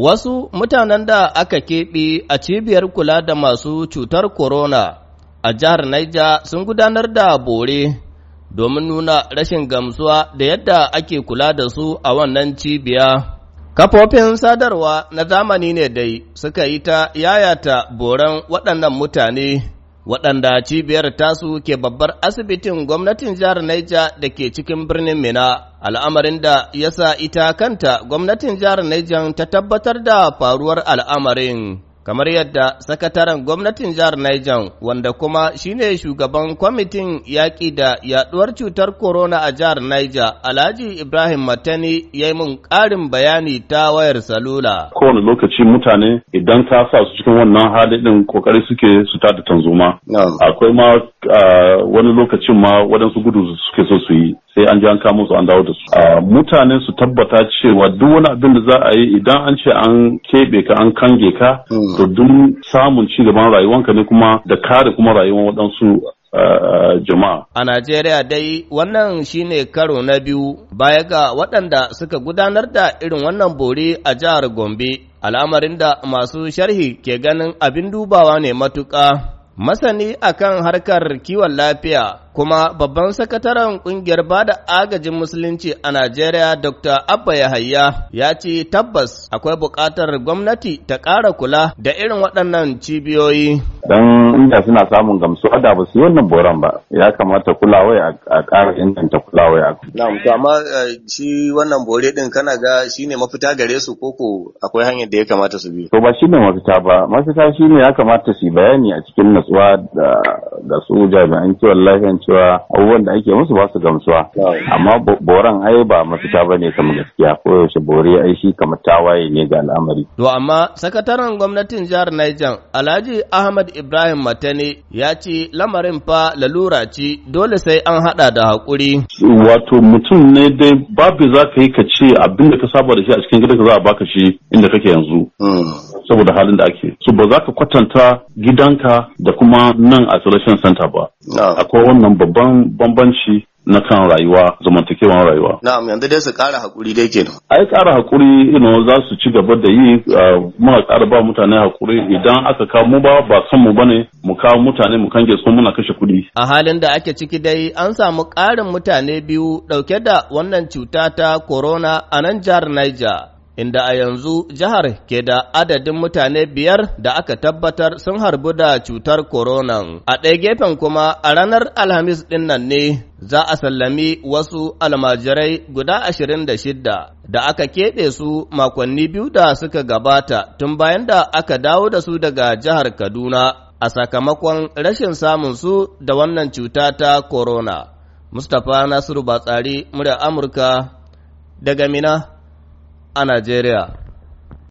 Wasu mutanen da aka keɓe a cibiyar kula da masu cutar corona a jihar Niger sun gudanar da bore domin nuna rashin gamsuwa da yadda ake kula da su a wannan cibiya. Kafofin sadarwa na zamani ne dai suka yi ta yayata boren waɗannan mutane. waɗanda cibiyar tasu ke babbar asibitin gwamnatin jihar Naija da ke cikin birnin Mina, al'amarin da ya sa ita kanta gwamnatin jihar Naija ta tabbatar da faruwar al'amarin. Kamar yadda sakataren gwamnatin jihar Naija wanda kuma shine shugaban kwamitin yaƙi da yaɗuwar cutar corona a jihar Naija, Alhaji Ibrahim Matani ya yi mun ƙarin bayani ta wayar salula. Kowane lokaci yawanci mutane idan ka sa su cikin wannan hali din kokari suke su ta da tanzoma akwai ma wani lokacin ma wadansu gudu suke so su yi sai an ji an kamo su an dawo da su mutane su tabbata cewa duk wani abin da za a yi idan an ce an keɓe ka an kange ka hmm. to duk samun ci gaban rayuwanka ne kuma da kare kuma rayuwar waɗansu jama'a. A Najeriya dai wannan shine karo na biyu baya ga waɗanda suka gudanar da irin wannan bori a jihar Gombe, al'amarin da masu sharhi ke ganin abin dubawa ne matuƙa. Masani akan harkar kiwon lafiya kuma babban sakataren kungiyar bada agajin musulunci a Najeriya Dr. Abba Yahaya ya ce tabbas akwai buƙatar gwamnati ta ƙara kula da irin waɗannan cibiyoyi. dan inda suna samun gamsuwa da ba su yi wannan boran ba ya kamata kulawai a ƙara inganta kulawai a na'am to amma eh, shi wannan bore din kana ga ne mafita gare su koko akwai hanyar da ya kamata su bi to ba shine mafita ba mafita shi ne ya kamata su bayani a cikin natsuwa da su jami'an kiwon lafiyan cewa abubuwan da ake musu ba su gamsuwa amma boran ai ba mafita ba ne kamar gaskiya ko yaushe bore ai shi kamar tawaye ne ga al'amari to amma sakataren gwamnatin jihar Niger Alhaji Ahmad Ibrahim Matani ya ce lamarin fa lalura ce dole sai an hada da hakuri. Wato mutum ne dai babu za ka yi ka ce abin da ka saba da shi a cikin ka za a baka shi inda kake yanzu. Hmm. Saboda halin da ake. So ba za ka kwatanta gidanka da kuma nan a selection center ba. Akwai wannan babban bambanci na kan rayuwa zamantakewar rayuwa. Na'am yanzu dai su ƙara haƙuri dai kenan. Ai ƙara haƙuri ino za su ci gaba da yi ah, muna ƙara ba mutane hakuri idan aka kawo mu ba ba san mu bane mu kawo mutane mu kange su muna kashe kuɗi. A halin da ake ciki dai an samu ƙarin mutane biyu ɗauke da wannan cuta ta corona a nan jihar Niger. inda a yanzu jihar ke da adadin mutane biyar da aka tabbatar sun harbu da cutar koronan. A ɗaya gefen kuma a ranar Alhamis ɗin nan ne za a sallami wasu almajirai guda ashirin da shidda da aka keɓe su makonni biyu da suka gabata tun bayan da aka dawo da su daga jihar Kaduna a sakamakon rashin samun su da wannan cuta ta korona. Mustapha Nasiru Batsari, murya Amurka, daga Mina. a Najeriya.